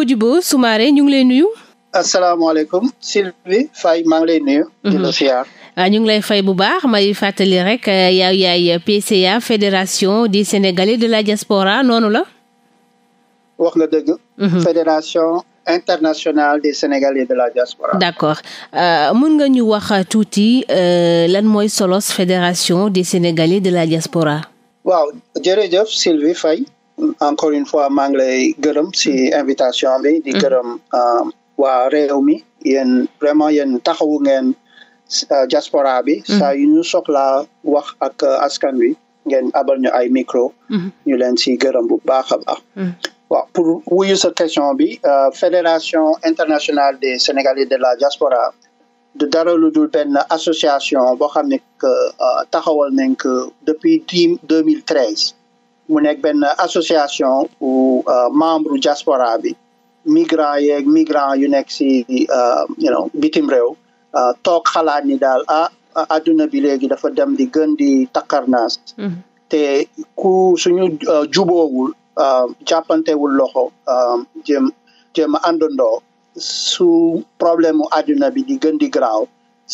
Modibo Soumaré ñu ngi lay nuyu. asalaamaaleykum Sylvie Faye maa ngi lay nuyu. Mhm. di la siyaar. Ah, ñu ngi lay fay bu baax may fàttali rek eh, yaay yaay PCA fédération des Sénégalais de la diaspora noonu la. wax nga dëgg. Mhm. fédération internationale des Sénégalais de la diaspora. d'accord euh, mën nga ñu wax tuuti euh, lan mooy solos fédération des Sénégalais de la diaspora. encore une fois maa ngi lay gërëm si mm-hmm. invitation bi di mm-hmm. gërëm euh, waa réew mi yéen vraiment yéen taxawu ngeen euh, diaspora bi mm-hmm. saa yu ñu soxlaa wax ak askan bi ngeen abal ñu ay micro ñu leen si gërëm bu baax wa baax waaw pour wuyu sa question bi euh, fédération internationale des sénégalais de la diaspora du dara lu dul benn association boo xam ne que taxawal nañ ko depuis deux mille treize mu nekk benn association u euh, membre jaspora bi migrant yeeg migrant yu nekk si euh, you know bitim réew euh, toog xalaat ni daal ah adduna bi léegi dafa dem di gën di takkarnaas mm-hmm. te ku suñu juboowul jàppantewul loxo jëm jëm a àndandoo su problème mu adduna bi di gën di garaaw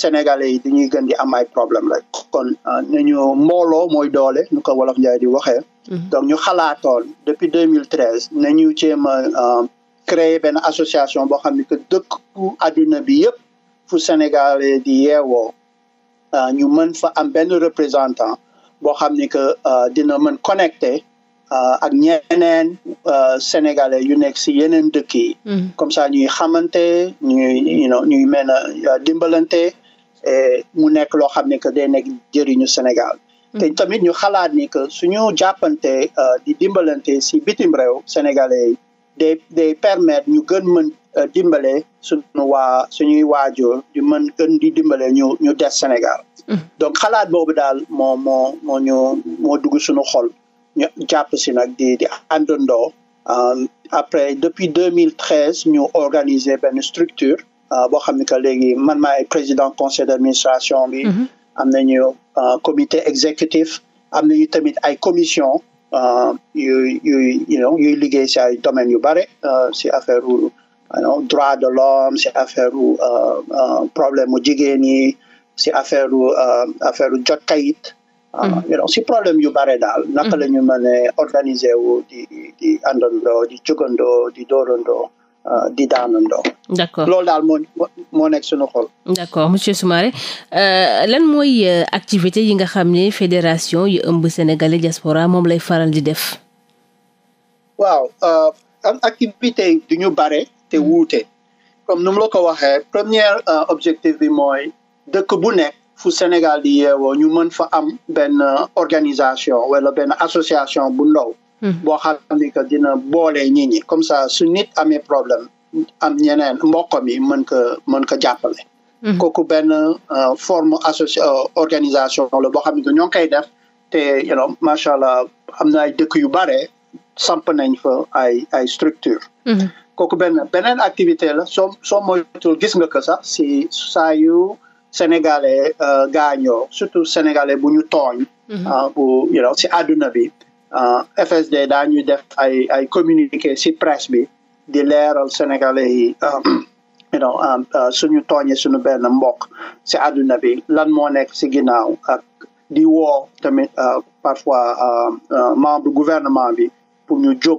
sénégalais yi dañuy gën di am ay problème rek kon nañu mbooloo mooy doole nu ko wolof njaay di waxee Mhm. donc ñu xalaatoon depuis mille 2013 nañu jéem a euh, créer benn association boo xam ne que dëkku adduna bi yëpp fu Sénégalais di yeewoo euh, ñu mën fa am benn représentant boo xam ni que euh, dina mën connecté ak ñeneen sénégalais yu nekk si yeneen dëkk yi. Mhm. comme ça ñuy xamante ñuy you know ñuy dimbalante et mu nekk loo xam ne que day nekk jëriñu Sénégal. te tamit ñu xalaat ni que suñu jàppante euh, di dimbalante si bitim réew sénégalais yi day day permettre ñu gën mën euh, dimbale suñu waa suñuy waajur di mën gën di dimbale ñu ñu des Sénégal mm. donc xalaat boobu daal moo moo moo ñu moo dugg suñu xol ñu jàpp si nag di di àndandoo euh, après depuis deux mille 2013 ñu organiser benn structure boo xam ne que léegi man maay président conseil d' administration bi mm-hmm. am nañu euh, comité exécutif am nañu tamit ay commission euh, yuy yuy you know yuy liggéey si ay domaines yu bare euh, si affaire u droit de l'homme si affaire u problème mu jigéen yi si affaire u affaire u jot kayit mm-hmm. you si problème yu bare daal naka mm-hmm. la ñu mën a organiser wu di di àndandoo di jugandoo di dóorandoo di daanandoo d'accord daal moo moo nekk suñu xol. d'accord monsieur Soumaré euh, lan mooy euh, activité yi nga xam ne fédération yi ëmb sénégalais diaspora moom lay faral di def. waaw euh, am activité du ñu bare te mm-hmm. wuute comme nu mu la ko waxee premier objectif bi mooy dëkk bu nekk fu Sénégal di yeewoo ñu mën fa am benn organisation wala benn association bu ndaw. Mm-hmm. boo xam ni dina boole nit comme ça su nit amee problème. am ñeneen mbokk mi mën ko mën ko jàppale. Mhm. kooku benn euh, forme associ euh, organisation la boo xam ne ñoo ngi koy te macha allah am na ay dëkk yu bare samp nañ fa ay ay structure mhm. kooku benn beneen activité la soo soo gis nga ko sax si saa yu sénégalais euh, gaañoo surtout sénégalais bu ñu tooñ mhm. ah, bu si àdduna bi ah, FSD daa ñuy def ay ay communiqué si presse bi di leeral sénégalais yi um, um, uh, suñu tooñe suñu benn mbokk si àdduna bi lan moo nekk si ginnaaw ak di woo tamit uh, parfois um, uh, membre gouvernement bi pour ñu jóg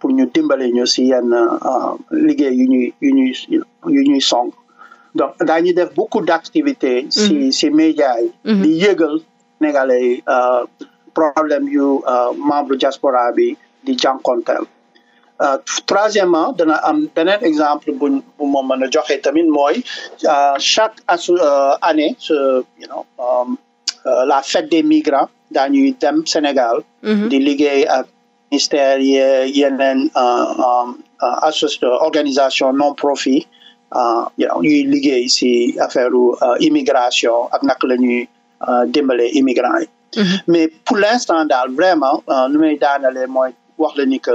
pour ñu dimbale ñu si yenn liggéey yu ñuy song donc daañu def beaucoup d' activités si si mm-hmm. médias yi mm-hmm. di yëgal sénégalais yi problème yu membre diaspora bi di jànkonteel Euh, troisièmement dana am beneen exemple buñ bu ma mën a joxe tamit mooy euh, chaque asu euh, année um, la fête des migrants daañuy dem Sénégal mm-hmm. di liggéey ak ministère ye yeneen um, association organisation non profit ñuy liggéey si affaire immigration ak nak la ñuy dimbale immigrants mm-hmm. mais pour l'instant vraiment lu may daanalee mooy wax la ni que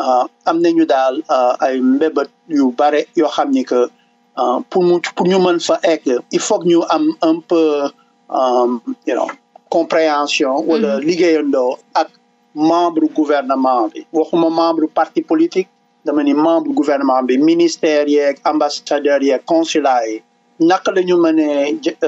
Euh, am nañu daal euh, ay mbébét yu bare yoo xam ni que euh, pour mu pour ñu mën fa egg il faut que ñu am un peu you compréhension wala mm-hmm. liggéeyandoo ak membre gouvernement bi waxuma membre parti politique dama ni membre gouvernement bi ministère yeeg ambassadeur yeeg consulat yi naka la ñu mën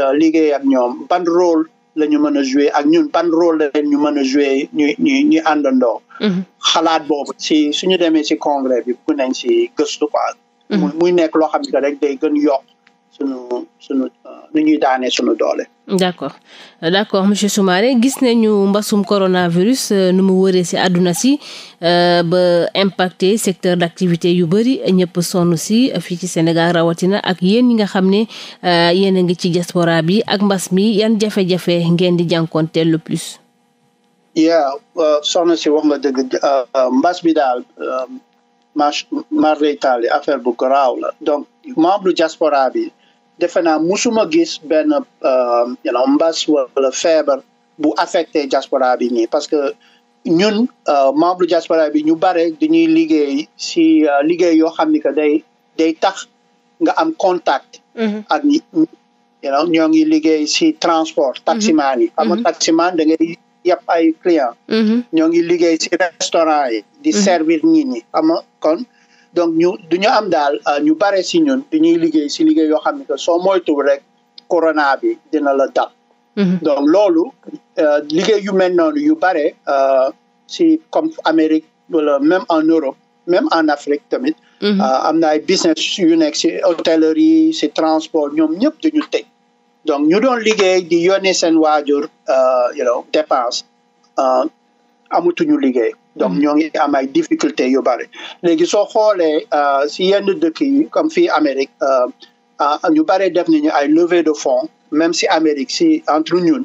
a liggéey ak ñoom ban rôle la ñu mën a jouer ak ñun ban rôle la leen ñu mën a jouer ñuy ñuy ñuy àndandoo. Mm-hmm. xalaat boobu si suñu demee si congrès bi bu nañ si gëstu quoi. Mm-hmm. muy nekk loo xam ne rek day gën yokk sunu sunu uh, nu ñuy daanee sunu doole. d' accord d' accord monsieur Soumaré gis nañu mbasum coronavirus euh, nu mu wëree si àdduna si euh, ba impacté secteur d' activité yu bëri ñëpp sonn si euh, fii ci Sénégal rawatina ak yéen ñi nga xam ne yéen a ngi ci diaspora yi ak mbas mi yan jafe-jafe ngeen di jànkonteel le plus. yaa uh, soxna si wax nga dëgg uh, mbas bi daal mar mar affaire bu garaaw la donc membre diaspora bi. defe naa musuma gis benn euh, you know mbas wala feebar bu affecté diaspora bi ñi parce que ñun euh, membre diaspora bi ñu bare dañuy liggéey si euh, liggéey yoo xam ni que day day tax nga am contact mm-hmm. ak ñoo ngi liggéey si transport mm-hmm. taximaan yi xam nga mm-hmm. taximaan ay client ñoo ngi liggéey si restaurant yi di servir nit ñi am nga kon donc ñu du am daal euh, ñu bare si ñun du ñuy liggéey si liggéey yoo xam ne que soo moytuwul rek corona bi dina la dab. Mhm. donc loolu euh, liggéey yu mel noonu yu bare si euh, comme Amérique wala même en Europe même en Afrique tamit. Mhm. am na ay business yu nekk si hôtellerie si transport ñoom ñëpp ñu tëj. donc ñu doon liggéey di yónnee seen waajur you know dépense amatuñu liggéey donc mm. ñoo ngi am ay difficulté yu bëri léegi soo xoolee euh, si yenn dëkk yi comme fii Amérique euh, ah, ñu bëree def nañu ay levée de fonds même si Amérique si entre ñun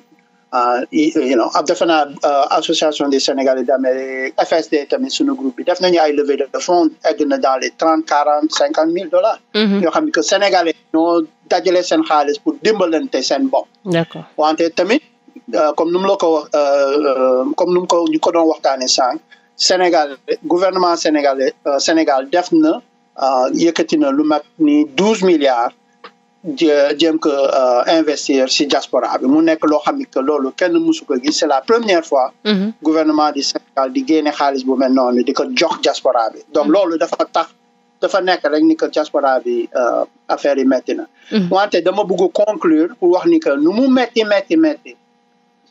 euh, you know defe naa association des Sénégalais d'Amérique FSD tamit suñu groupe bi def nañu ay levée de fonds egg na dans les trente quarante cinquante mille dollars mm-hmm. yoo xam ne que Sénégalais ñoo dajale seen xaalis pour dimbalante seen bopp wante tamit Euh, comme nu mu la ko wax euh, euh, comme nu mu ko ko doon waxtaanee sànq Sénégal guvernement sénégalais Sénégal def na yëkkati na lu mat ni douze milliards jéem ko investir si diaspora bi mu nekk loo xam ni que loolu kenn mësu ko gis c'est la première fois. Mm-hmm. gouvernement di Sénégal di génne xaalis bu mel noonu di ko jox diaspora bi. donc mm-hmm. loolu dafa tax dafa nekk rek ni que diaspora bi affaire yi métti na. Mm-hmm. wante dama bëgg conclure nu mu métti métti métti.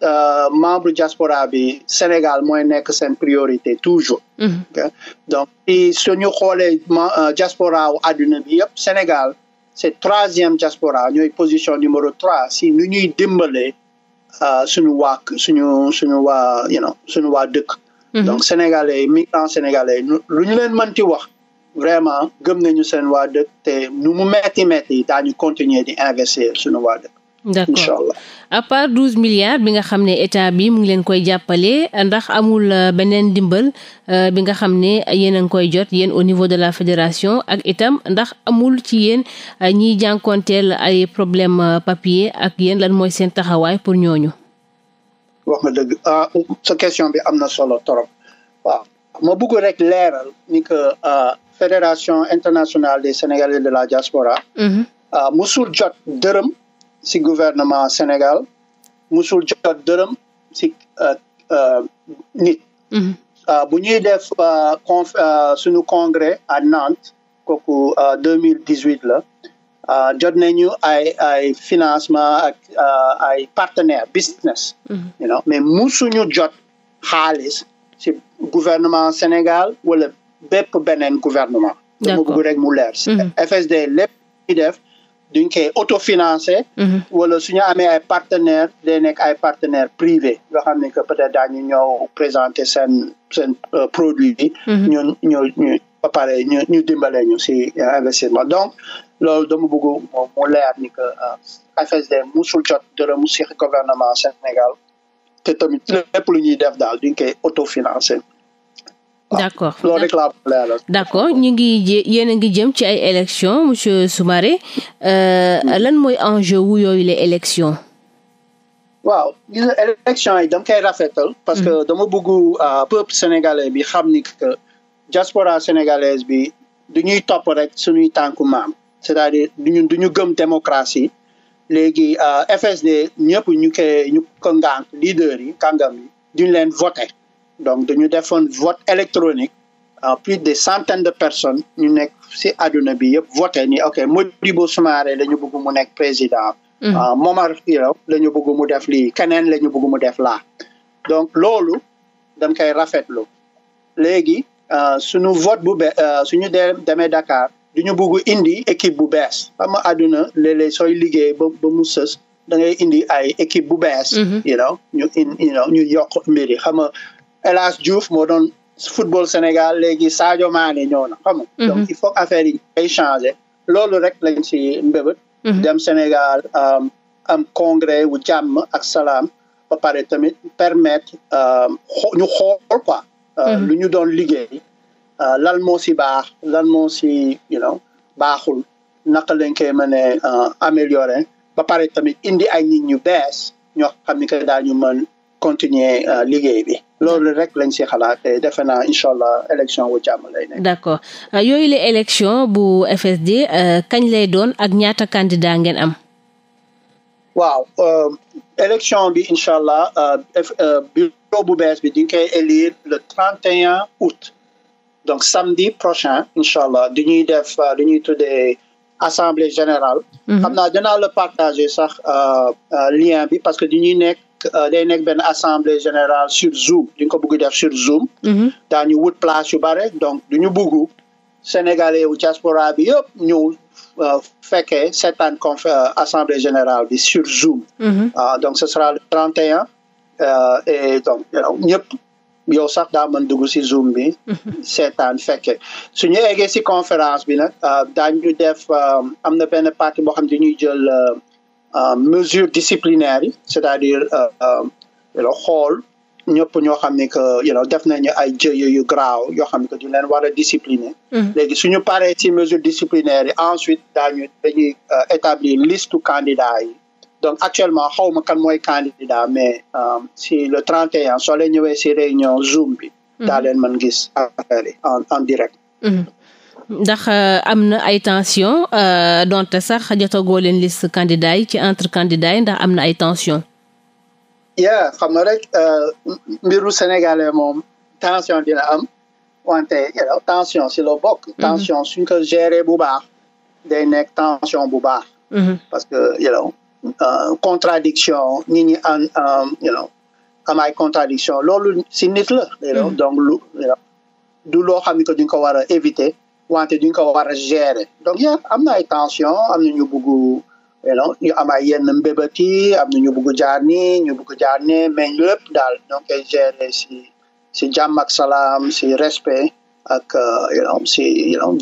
Euh, membre diaspora bi Sénégal mooy nekk seen priorité toujours. Mhm. donc suñu xoolee euh, diaspora wu àdduna bi yëpp Sénégal c'est troisième diaspora ñooy position numéro trois si ñu ñuy dimbalee euh, suñu waa suñu suñu waa you suñu waa dëkk. Mhm. donc sénégalais migrants sénégalais lu ñu leen mënti wax. vraiment gëm nañu seen waa dëkk te nu mu metti metti ñu continuer di investir suñu waa dëkk. d'accord incha allah à milliards bi nga xam ne état bi mu ngi leen koy jàppale ndax amul euh, beneen dimbal euh, bi nga xam ne yéen a ngi koy jot yéen au niveau de la fédération ak itam ndax amul ci yéen euh, ñiy jànkonteel ay problème papier ak yéen lan mooy seen taxawaay pour ñooñu. wax ah, sa question bi am na solo torop waaw ma bëgg rek leeral ni que fédération internationale des sénégalais de la diaspora. Mhm. musul jot dërëm. si gouvernement Sénégal musul jot dërëm si euh, euh, nit mm-hmm. euh, bu ñuy def conf suñu congrès à Nantes kooku deux mille dix-huit la jot nañu ay ay financement ak ay partenaire business mm-hmm. you know mais jot xaalis si gouvernement Sénégal wala bépp beneen gouvernement dama bëgg rek mu leer mm-hmm. FSD lépp ñuy def duñ koy autofinancé. Mhm. wala su ñu amee ay partenaires day nekk ay partenaires privés yoo xam ne que peut-être daañu ñëw présenter seen seen euh, produit bi. Mhm. ñun ñu ñu ba pare ñu ñu dimbale ñu si euh, investissement donc lool dama bëgg mu leer ni que euh, FSD musul jot dërëmu si gouvernement Sénégal te tamit lépp lu ñuy def daal duñ koy autofinancé. d' accord loolu rek laa d' accord ñu ngi yéen a ngi jëm ci ay élections monsieur Soumaré euh, lan mooy enjeu wu yooyu les élections waaw gis nga yi dama koy rafetal parce que mm. dama bëgg euh, peuple sénégalais bi xam ni que diaspora sénégalaise bi du ñuy topp rek suñuy tànku maam c' est à dire duñu du ñu gëm démocratie léegi euh, FSD ñëpp ñu koy ñu ko ngànk leader yi kàngam yi duñ leen voté donc dañu defoon vote électronique en plus de centaines de personnes ñu nekk si àdduna bi yëpp voté ni ok Modibo Soumaré la ñu bëgg mu nekk président mhm. ah, Momar Hiraw la ñu bëgg mu def lii keneen la ñu bëgg mu def laa donc loolu dañ koy rafetlu léegi ah, suñu vote bu be ah, suñu demee Dakar du ñu bugg indi équipe bu bees xam nga àdduna léeg-léeg sooy liggéey ba ba mu sës da ngay indi ay équipe bu bees mhm. you know ñu yokk mbir El Hadj moo doon football Sénégal léegi Sadio Mané ñëw na xam nga. Mhm. il faut affaire yi ay changé loolu rek lañ ci mbébét. Mhm. dem Sénégal am congrès wu jàmm ak salaam ba pare tamit permettre euh, ñu xool quoi. Euh, mhm. lu ñu doon liggéey euh, lan moo si baax lan moo si baaxul naka lañ koy mën a améliorer ba pare tamit indi ay nit ñu bees ñoo xam ni daal ñu mën. continuer euh, liggéey bi loolu rek lañ si xalaat defe naa incha allah élection wu jàmm lay nekk. d' accord euh, yooyu la élection bu FSD euh, kañ lay doon ak ñaata candidat ngeen am. waaw élection bi incha allah bu bees bi di nga koy élire le 31 août. donc samedi prochain incha allah du ñuy def du ñuy tuddee assemblée générale. Mhm. xam naa dinaa la sax lien bi parce que du nekk. Euh, day nekk benn assemblée générale sur Zoom di nga ko bugg def sur Zoom. Mhm. daañu wut place yu bare donc du ñu bugg sénégalais wu diaspora bi yëpp ñëw euh, fekkee seetaan conf général euh, générale bi sur Zoom. Mhm. Ah, donc ce sera le 31 et donc ñëpp. yow sax daa mën ci zoom bi mhm. seetaan fekke suñu eggee ci conférence bi nag daañu def am na benn partie boo xam ne dañuy jël Euh, mesures disciplinaires yi c'est-à-dire euh, euh, xool ñëpp ñoo xam ne que you know def nañu ay jëye yu graaw yoo xam ne que duñ leen war a mm-hmm. léegi suñu paree ci mesures disciplinaires yi ensuite daañu dañuy établir liste candidats yi donc actuellement xawma kan mooy candidat mais si le 31 soo leen ñëwee si réunion Zoom bi mm-hmm. daa leen mën gis affaire en en direct mm-hmm. ndax euh, am na ay tension euh, donte sax jotagoo leen liste candidats yi ci entre candidats yi ndax am na ay tension yaa xam na rek euh, mbiru sénégalais moom tension dina am wante tension si la bokk mhm. tension suñ ko gérer bu baax day nekk tension bu baax mhm. parce que you know contradiction nit ñi an you ay contradiction loolu si nit la mhm. donc lu du loo xam ne que duñ ko war a éviter wante duñ ko war a gérer donc yéen am na ay tension am na ñu bugg ñu am ay yenn mbébét yi am na ñu bugg jaar nii ñu bugg jaar mais lépp daal ñoo ngi gérer si si jàmm ak salaam si respect ak si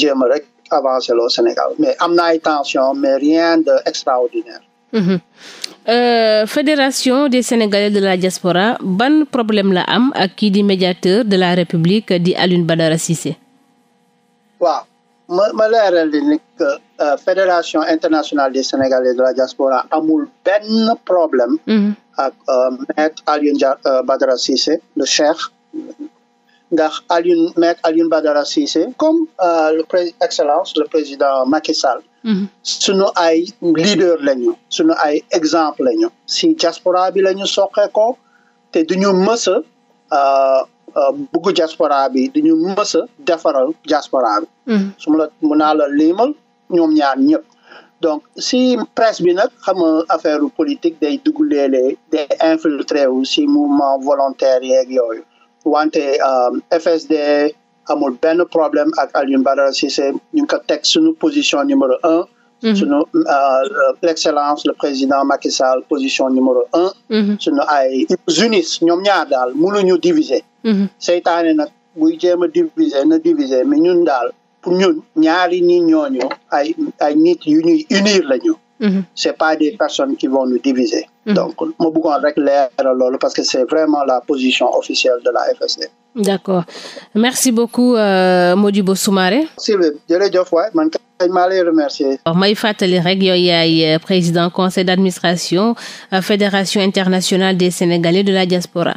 jéem rek avancer loo Sénégal mais am na ay tension mais rien de extraordinaire Mmh. Euh, fédération des Sénégalais de la diaspora ban problème la am ak kii di médiateur de la République di Alioune Badara Cissé. waaw ma ma leeral li ni que euh, fédération internationale des sénégalais de la diaspora amul benn problème mm-hmm. ak euh, maître euh, Badara Cissé le cheikh ndax Alioune maître Alioune Badara Cissé comme excellence le président Macky Sall mm-hmm. suñu ay leader lañu suñu ay exemple lañu si diaspora bi lañu soqee ko te duñu mës a Euh, bugg diaspora bi dañu mës a defaral diaspora bi. Hmm. naa la limal ñoom ñaar ñëpp. donc si presse bi nag xam nga affaire politique day dugg léeg-léeg day si mouvement volontaire yeeg yooyu wante euh, FSD amul benn problème ak Alioune Badara Cissé ñu ngi ko teg suñu position numéro un. Hmm. suñu euh, l'excellence le président Macky Sall position hmm. ay unis ñoom ñaar daal mënuñu diviser. Mhm. seytaane nag buy jéem a diviser na diviser mais ñun daal pour ñun ñaari ni ñooñu ay ay nit yu ñuy unir lañu. Mhm. c'est pas des personnes qui vont nous diviser. Mhm. donc ma bëggoon rek leeral loolu parce que c'est vraiment la position officielle de la FSD. d'accord merci beaucoup euh, Modibo Soumaré. Sylvie jërëjëf waay man kay maa lay may fàttali rek yow yaay euh, président conseil d'administration euh, fédération internationale des Sénégalais de la diaspora.